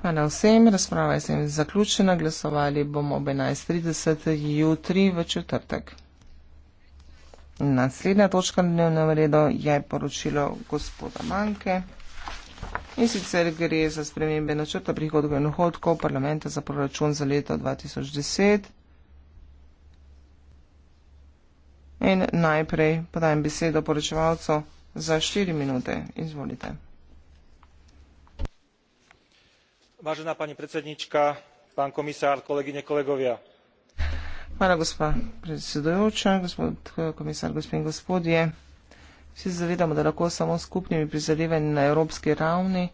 Hvala vsem, razprava je sem zaključena, glasovali bomo ob 11.30 jutri v četrtek. Naslednja točka na dnevnem redu je poročilo gospoda Manke. In sicer gre za spremembe načrta prihodkov in dohodkov parlamenta za proračun za leto 2010. In najprej podajem besedo poročevalcu za štiri minúte. Izvolite. Vážená pani predsednička, pán komisár, kolegyne, kolegovia. Hvala, gospa predsedujoča, gospod komisar, gospod in gospodje. Vsi zavedamo, da lahko samo skupnimi prizadevanji na evropski ravni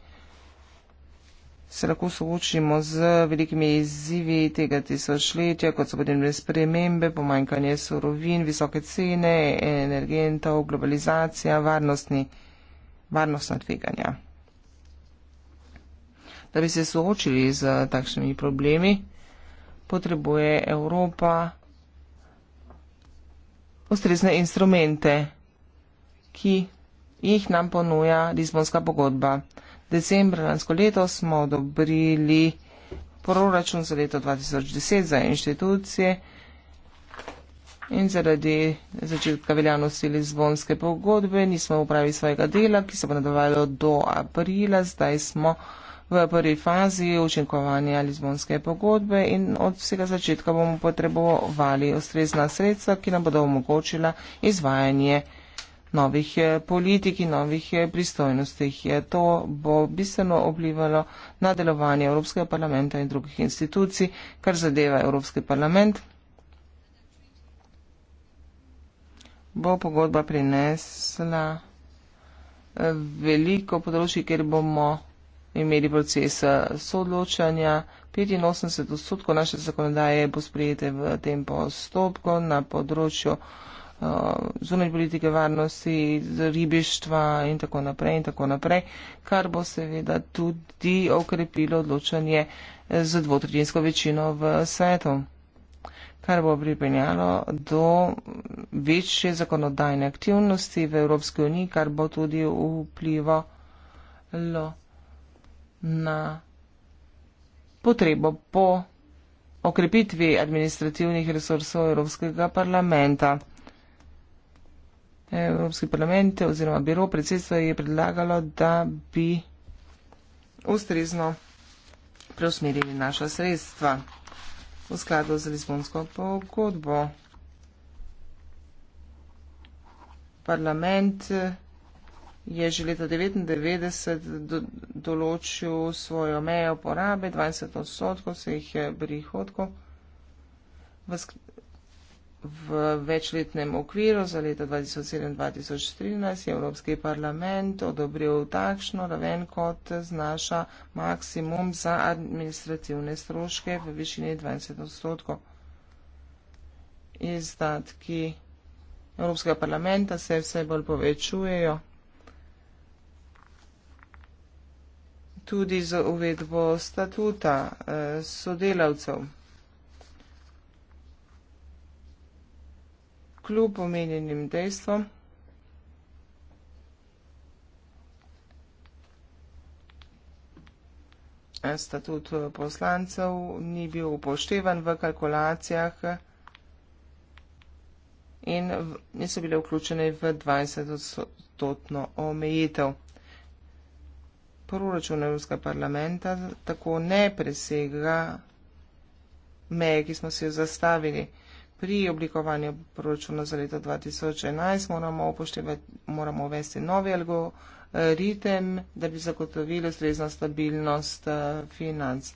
se lahko soočimo z velikimi izzivi tega tisočletja, kot so podnebne spremembe, pomanjkanje surovin, visoke cene, energentov, globalizacija, varnostna tveganja. Da bi se soočili z takšnimi problemi, potrebuje Evropa ustrezne instrumente, ki jih nam ponuja Lizbonska pogodba decembra lansko leto smo odobrili proračun za leto 2010 za inštitucije in zaradi začetka veljavnosti Lizbonske pogodbe nismo upravili svojega dela, ki se bo nadaljevalo do aprila. Zdaj smo v prvi fazi učinkovanja Lizbonske pogodbe in od vsega začetka bomo potrebovali ustrezna sredstva, ki nam bodo omogočila izvajanje novih eh, politik in novih eh, pristojnostih. To bo bistveno oblivalo na delovanje Evropskega parlamenta in drugih institucij, kar zadeva Evropski parlament. Bo pogodba prinesla eh, veliko področji, kjer bomo imeli proces soodločanja. 85 odstotkov naše zakonodaje bo sprejete v tem postopku na področju. Eh, zunanje politike varnosti, ribištva in tako naprej in tako naprej, kar bo seveda tudi okrepilo odločanje z dvotredinsko večino v svetu, kar bo pripenjalo do večje zakonodajne aktivnosti v Evropski uniji, kar bo tudi vplivalo na potrebo po okrepitvi administrativnih resursov Evropskega parlamenta. Evropski parlament oziroma biro predsedstva je predlagalo, da bi ustrezno preusmerili naša sredstva v skladu z Lizbonsko pogodbo. Parlament je že leta 1999 do, določil svojo mejo porabe, 20 odstotkov vseh prihodkov v V večletnem okviru za leta 2007-2013 je Evropski parlament odobril takšno raven, kot znaša maksimum za administrativne stroške v višini 20 odstotkov. Izdatki Evropskega parlamenta se vse bolj povečujejo. Tudi z uvedbo statuta eh, sodelavcev. kljub omenjenim dejstvom statut poslancev ni bil upoštevan v kalkulacijah in niso bile vključene v 20 odstotno omejitev. Proračun Evropska parlamenta tako ne presega meje, ki smo si jo zastavili pri oblikovanju proračuna za leto 2011 moramo upoštevati, moramo uvesti novi algoritem, da bi zagotovili ustrezno stabilnost eh, financ.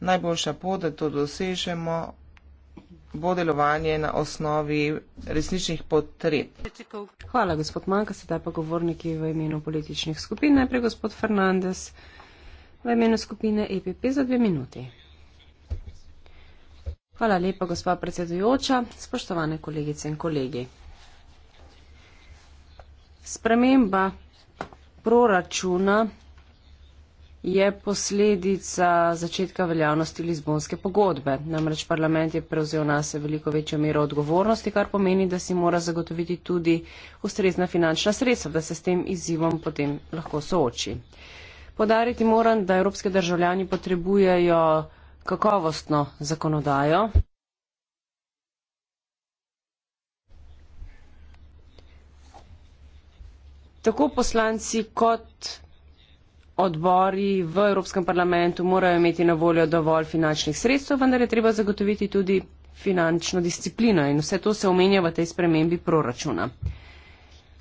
Najboljša pot, da to dosežemo, bo delovanje na osnovi resničnih potreb. Hvala, gospod Manka, sedaj pa govorniki v imenu političnih skupin. Najprej gospod Fernandez v imenu skupine EPP za dve minuti. Hvala lepa, gospa predsedujoča. Spoštovane kolegice in kolegi. Sprememba proračuna je posledica začetka veljavnosti Lizbonske pogodbe. Namreč parlament je prevzel na se veliko večjo mero odgovornosti, kar pomeni, da si mora zagotoviti tudi ustrezna finančna sredstva, da se s tem izzivom potem lahko sooči. Podariti moram, da evropske državljani potrebujejo kakovostno zakonodajo. Tako poslanci kot odbori v Evropskem parlamentu morajo imeti na voljo dovolj finančnih sredstev, vendar je treba zagotoviti tudi finančno disciplino in vse to se omenja v tej spremembi proračuna.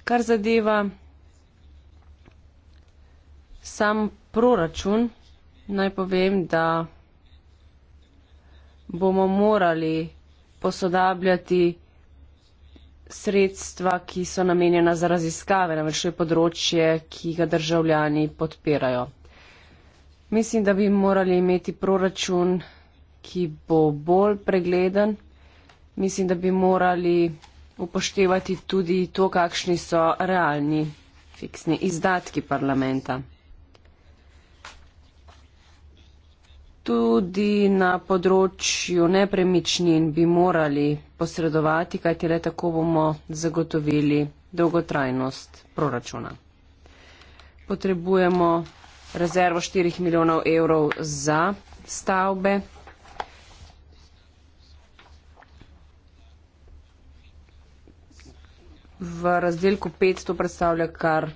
Kar zadeva sam proračun, naj povem, da bomo morali posodabljati sredstva, ki so namenjena za raziskave, namreč to je področje, ki ga državljani podpirajo. Mislim, da bi morali imeti proračun, ki bo bolj pregleden. Mislim, da bi morali upoštevati tudi to, kakšni so realni fiksni izdatki parlamenta. tudi na področju nepremičnin bi morali posredovati, kajti le tako bomo zagotovili dolgotrajnost proračuna. Potrebujemo rezervo 4 milijonov evrov za stavbe. V razdelku 500 predstavlja kar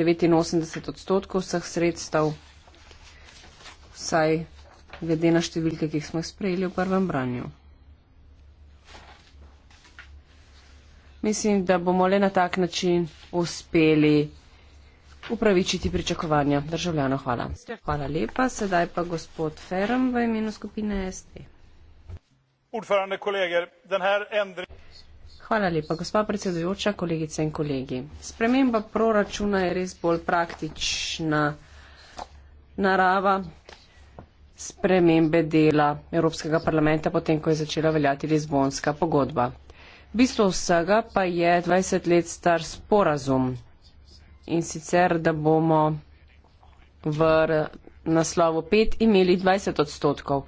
89 odstotkov vseh sredstev vsaj glede na številke, ki smo jih sprejeli v prvem branju. Mislim, da bomo le na tak način uspeli upravičiti pričakovanja državljanov. Hvala. Hvala lepa. Sedaj pa gospod Ferm v imenu skupine ST. Hvala lepa, gospa predsedujoča, kolegice in kolegi. Sprememba proračuna je res bolj praktična narava spremembe dela Evropskega parlamenta, potem ko je začela veljati Lizbonska pogodba. Bistvo vsega pa je 20 let star sporazum in sicer, da bomo v naslovu 5 imeli 20 odstotkov.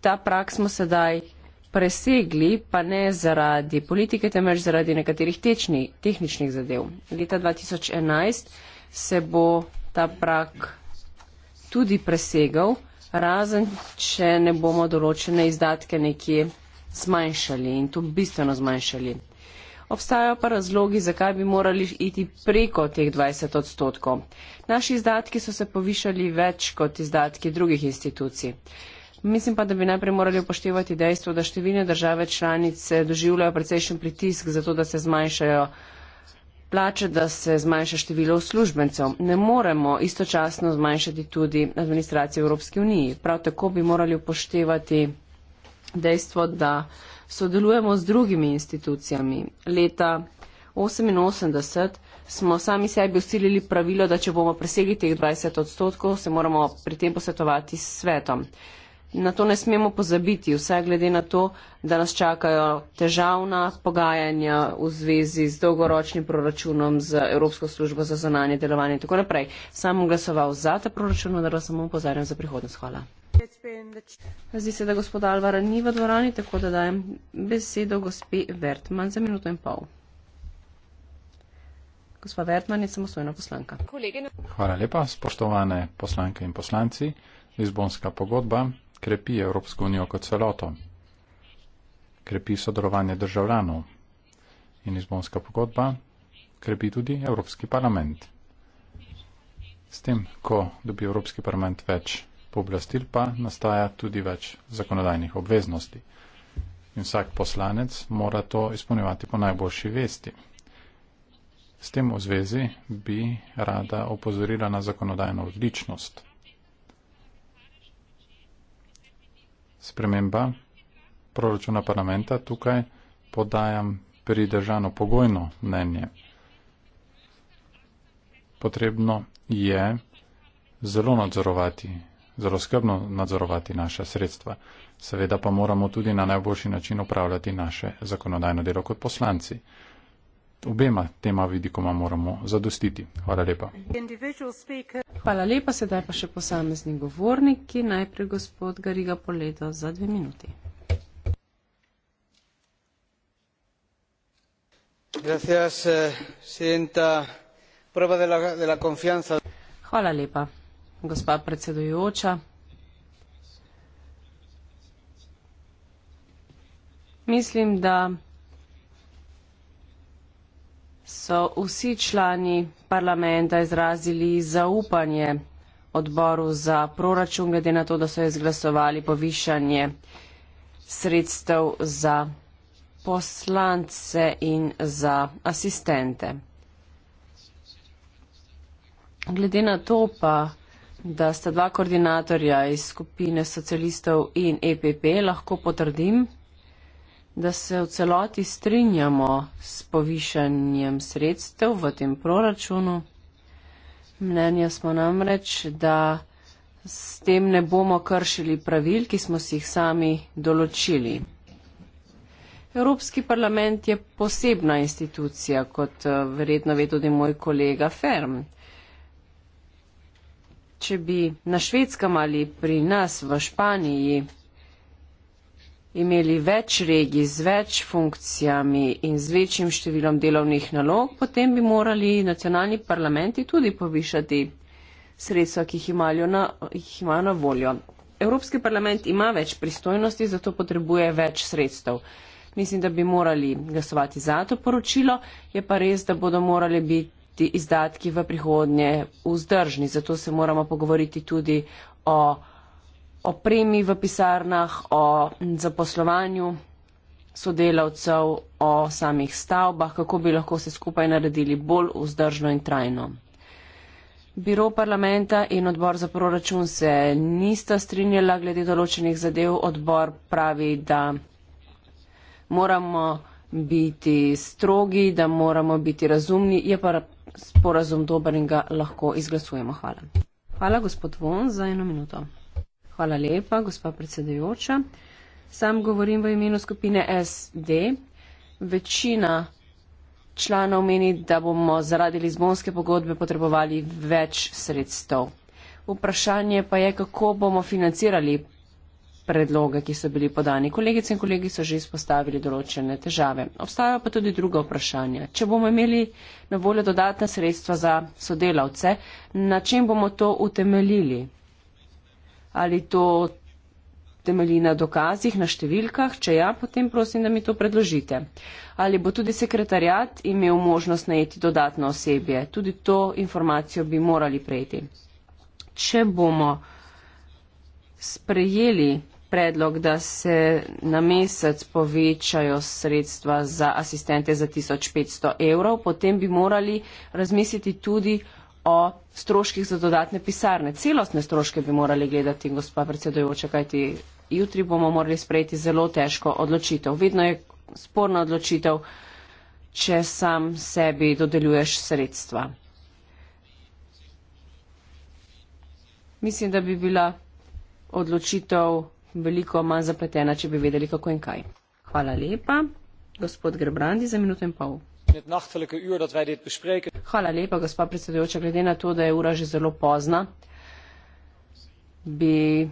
Ta prak smo sedaj presegli, pa ne zaradi politike, temveč zaradi nekaterih tečni, tehničnih zadev. Leta 2011 se bo ta prak tudi presegal, razen če ne bomo določene izdatke nekje zmanjšali in to bistveno zmanjšali. Obstajajo pa razlogi, zakaj bi morali iti preko teh 20 odstotkov. Naši izdatki so se povišali več kot izdatki drugih institucij. Mislim pa, da bi najprej morali upoštevati dejstvo, da številne države članice doživljajo precejšen pritisk za to, da se zmanjšajo plače, da se zmanjša število uslužbencev. Ne moremo istočasno zmanjšati tudi administracije Evropske unije. Prav tako bi morali upoštevati dejstvo, da sodelujemo z drugimi institucijami. Leta 1988 smo sami sebi usilili pravilo, da če bomo presegli teh 20 odstotkov, se moramo pri tem posvetovati s svetom. Na to ne smemo pozabiti, vse glede na to, da nas čakajo težavna pogajanja v zvezi z dolgoročnim proračunom z Evropsko službo za zonanje delovanje in tako naprej. Sam bom glasoval za ta proračun, da vas samo pozarjam za prihodnost. Hvala. Zdi se, da gospod Alvar ni v dvorani, tako da dajem besedo gospe Vertman za minuto in pol. Gospa Vertman je samostojna poslanka. Hvala lepa, spoštovane poslanke in poslanci. Lizbonska pogodba krepi Evropsko unijo kot celoto, krepi sodelovanje državljanov in izbonska pogodba krepi tudi Evropski parlament. S tem, ko dobi Evropski parlament več pooblastil, pa nastaja tudi več zakonodajnih obveznosti. In vsak poslanec mora to izpolnjevati po najboljši vesti. S tem v zvezi bi rada opozorila na zakonodajno odličnost – sprememba proračuna parlamenta, tukaj podajam pridržano pogojno mnenje. Potrebno je zelo nadzorovati, zelo skrbno nadzorovati naša sredstva. Seveda pa moramo tudi na najboljši način upravljati naše zakonodajno delo kot poslanci obema tema vidikoma moramo zadostiti. Hvala lepa. Hvala lepa, sedaj pa še posamezni govorniki. Najprej gospod Gariga Poledo za dve minuti. Gracias, eh, sienta, de la, de la Hvala lepa, gospa predsedujoča. Mislim, da so vsi člani parlamenta izrazili zaupanje odboru za proračun, glede na to, da so izglasovali povišanje sredstev za poslance in za asistente. Glede na to pa, da sta dva koordinatorja iz skupine socialistov in EPP, lahko potrdim, da se v celoti strinjamo s povišanjem sredstev v tem proračunu. Mnenja smo namreč, da s tem ne bomo kršili pravil, ki smo si jih sami določili. Evropski parlament je posebna institucija, kot eh, verjetno ve tudi moj kolega Ferm. Če bi na švedskem ali pri nas v Španiji imeli več regij z več funkcijami in z večjim številom delovnih nalog, potem bi morali nacionalni parlamenti tudi povišati sredstva, ki jih imajo na, jih imajo na voljo. Evropski parlament ima več pristojnosti, zato potrebuje več sredstev. Mislim, da bi morali glasovati za to poročilo, je pa res, da bodo morali biti izdatki v prihodnje vzdržni. Zato se moramo pogovoriti tudi o opremi v pisarnah, o zaposlovanju sodelavcev, o samih stavbah, kako bi lahko se skupaj naredili bolj vzdržno in trajno. Biro parlamenta in odbor za proračun se nista strinjala glede določenih zadev. Odbor pravi, da moramo biti strogi, da moramo biti razumni. Je pa sporazum dober in ga lahko izglasujemo. Hvala. Hvala, gospod Von, za eno minuto. Hvala lepa, gospa predsedajoča. Sam govorim v imenu skupine SD. Večina članov meni, da bomo zaradi Lizbonske pogodbe potrebovali več sredstev. Vprašanje pa je, kako bomo financirali predloge, ki so bili podani. Kolegice in kolegi so že izpostavili določene težave. Obstajajo pa tudi druga vprašanja. Če bomo imeli na voljo dodatna sredstva za sodelavce, na čem bomo to utemeljili? ali to temelji na dokazih, na številkah. Če ja, potem prosim, da mi to predložite. Ali bo tudi sekretarjat imel možnost najeti dodatno osebje. Tudi to informacijo bi morali prejeti. Če bomo sprejeli predlog, da se na mesec povečajo sredstva za asistente za 1500 evrov, potem bi morali razmisliti tudi o stroških za dodatne pisarne. Celostne stroške bi morali gledati, gospa predsedojoča, kajti jutri bomo morali sprejeti zelo težko odločitev. Vedno je sporna odločitev, če sam sebi dodeljuješ sredstva. Mislim, da bi bila odločitev veliko manj zapletena, če bi vedeli, kako in kaj. Hvala lepa. Gospod Grebrandi za minuto in pol gospa predsedujoča glede na to da je ura že zelo pozna bi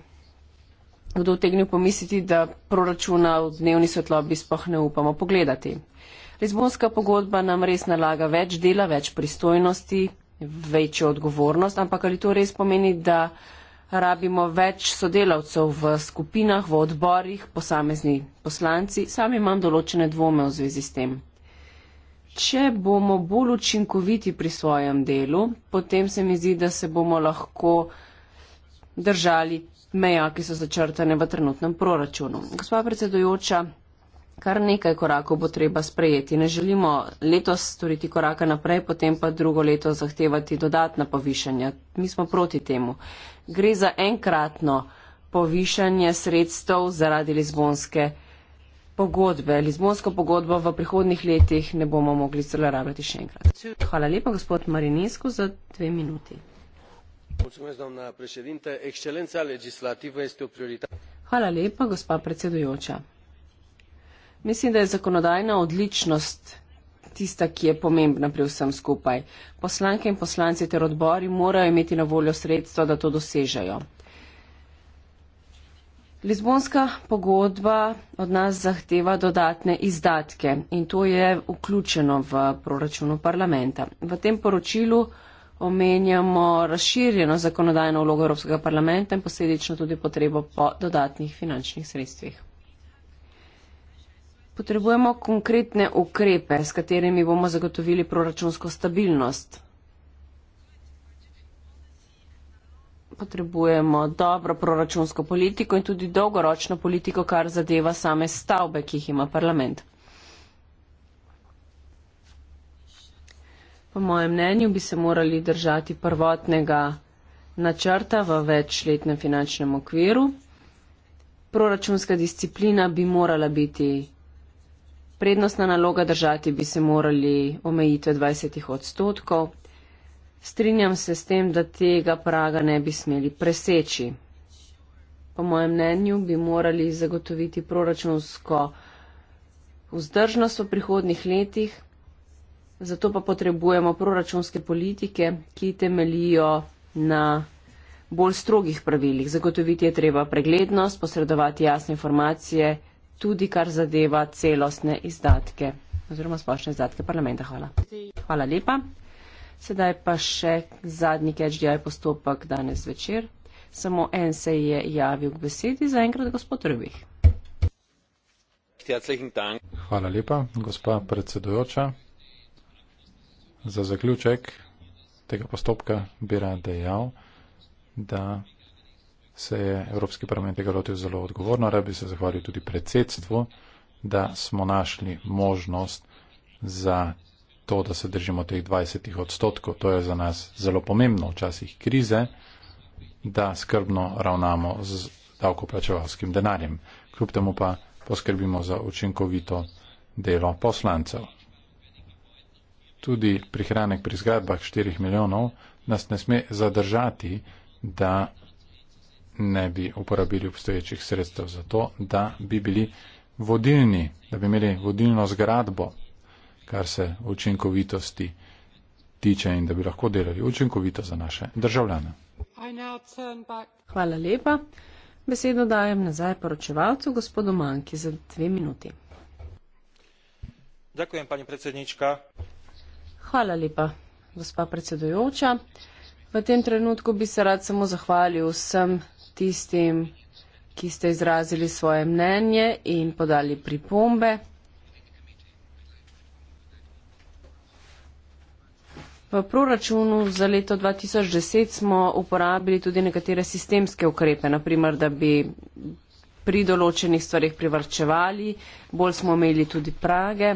kdo utegnil pomisliti da proračuna v dnevni svetlobi sploh ne upamo pogledati. lizbonska pogodba nam res nalaga več dela več pristojnosti večjo odgovornost ampak ali to res pomeni da rabimo več sodelavcev v skupinah v odborih posamezni poslanci sami imam določene dvome v zvezi s tem. Če bomo bolj učinkoviti pri svojem delu, potem se mi zdi, da se bomo lahko držali meja, ki so začrtane v trenutnem proračunu. Gospa predsedujoča, kar nekaj korakov bo treba sprejeti. Ne želimo letos storiti koraka naprej, potem pa drugo leto zahtevati dodatna povišanja. Mi smo proti temu. Gre za enkratno povišanje sredstev zaradi Lizbonske pogodbe, Lizbonsko pogodbo v prihodnih letih ne bomo mogli zlorabljati še enkrat. Hvala lepa, gospod Marinesku, za dve minuti. Hvala lepa, gospa predsedujoča. Mislim, da je zakonodajna odličnost tista, ki je pomembna pri vsem skupaj. Poslanke in poslanci ter odbori morajo imeti na voljo sredstva, da to dosežejo. Lizbonska pogodba od nas zahteva dodatne izdatke in to je vključeno v proračunu parlamenta. V tem poročilu omenjamo razširjeno zakonodajno vlogo Evropskega parlamenta in posledično tudi potrebo po dodatnih finančnih sredstvih. Potrebujemo konkretne ukrepe, s katerimi bomo zagotovili proračunsko stabilnost. potrebujemo dobro proračunsko politiko in tudi dolgoročno politiko, kar zadeva same stavbe, ki jih ima parlament. Po mojem mnenju bi se morali držati prvotnega načrta v večletnem finančnem okviru. Proračunska disciplina bi morala biti prednostna naloga, držati bi se morali omejitve 20 odstotkov, Strinjam se s tem, da tega praga ne bi smeli preseči. Po mojem mnenju bi morali zagotoviti proračunsko vzdržnost v prihodnih letih, zato pa potrebujemo proračunske politike, ki temelijo na bolj strogih pravilih. Zagotoviti je treba preglednost, posredovati jasne informacije, tudi kar zadeva celostne izdatke oziroma splošne izdatke parlamenta. Hvala. Hvala lepa. Sedaj pa še zadnji KGI postopek danes večer. Samo en se je javil k besedi, zaenkrat gospod Rubih. Hvala lepa, gospa predsedujoča. Za zaključek tega postopka bi rad dejal, da se je Evropski parlament tega lotil zelo odgovorno. Rad bi se zahvalil tudi predsedstvu, da smo našli možnost za to, da se držimo teh 20 odstotkov, to je za nas zelo pomembno v časih krize, da skrbno ravnamo z davkoplačevalskim denarjem. Kljub temu pa poskrbimo za učinkovito delo poslancev. Tudi prihranek pri zgradbah 4 milijonov nas ne sme zadržati, da ne bi uporabili obstoječih sredstev za to, da bi bili vodilni, da bi imeli vodilno zgradbo kar se učinkovitosti tiče in da bi lahko delali učinkovito za naše državljane. Hvala lepa. Besedo dajem nazaj poročevalcu, gospodu Manki, za dve minuti. Dakujem, Hvala lepa, gospa predsedujoča. V tem trenutku bi se rad samo zahvalil vsem tistim, ki ste izrazili svoje mnenje in podali pripombe. V proračunu za leto 2010 smo uporabili tudi nekatere sistemske ukrepe, naprimer, da bi pri določenih stvarih privrčevali, bolj smo imeli tudi prage.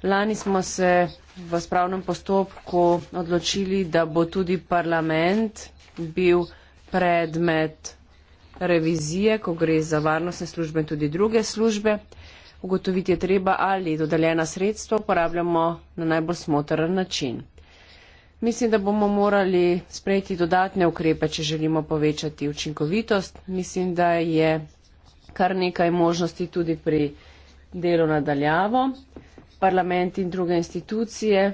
Lani smo se v spravnem postopku odločili, da bo tudi parlament bil predmet revizije, ko gre za varnostne službe in tudi druge službe. Ugotoviti je treba, ali dodeljena sredstva uporabljamo na najbolj smotren način. Mislim, da bomo morali sprejeti dodatne ukrepe, če želimo povečati učinkovitost. Mislim, da je kar nekaj možnosti tudi pri delu nadaljavo. Parlament in druge institucije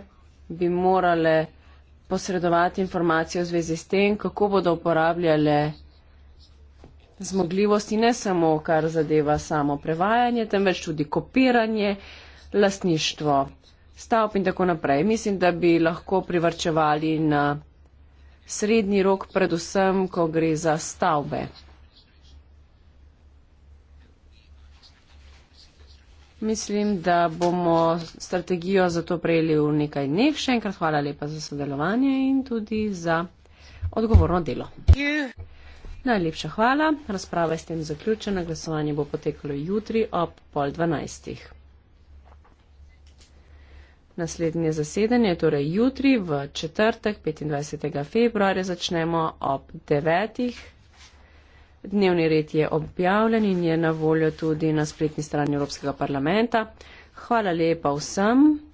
bi morale posredovati informacije v zvezi s tem, kako bodo uporabljale zmogljivosti ne samo, kar zadeva samo prevajanje, temveč tudi kopiranje, lasništvo stavb in tako naprej. Mislim, da bi lahko privrčevali na srednji rok, predvsem, ko gre za stavbe. Mislim, da bomo strategijo za to prejeli v nekaj dneh. Še enkrat hvala lepa za sodelovanje in tudi za odgovorno delo. Najlepša hvala. Razprava je s tem zaključena. Glasovanje bo potekalo jutri ob pol dvanajstih. Naslednje zasedanje, torej jutri v četrtek, 25. februarja, začnemo ob 9. Dnevni red je objavljen in je na voljo tudi na spletni strani Evropskega parlamenta. Hvala lepa vsem.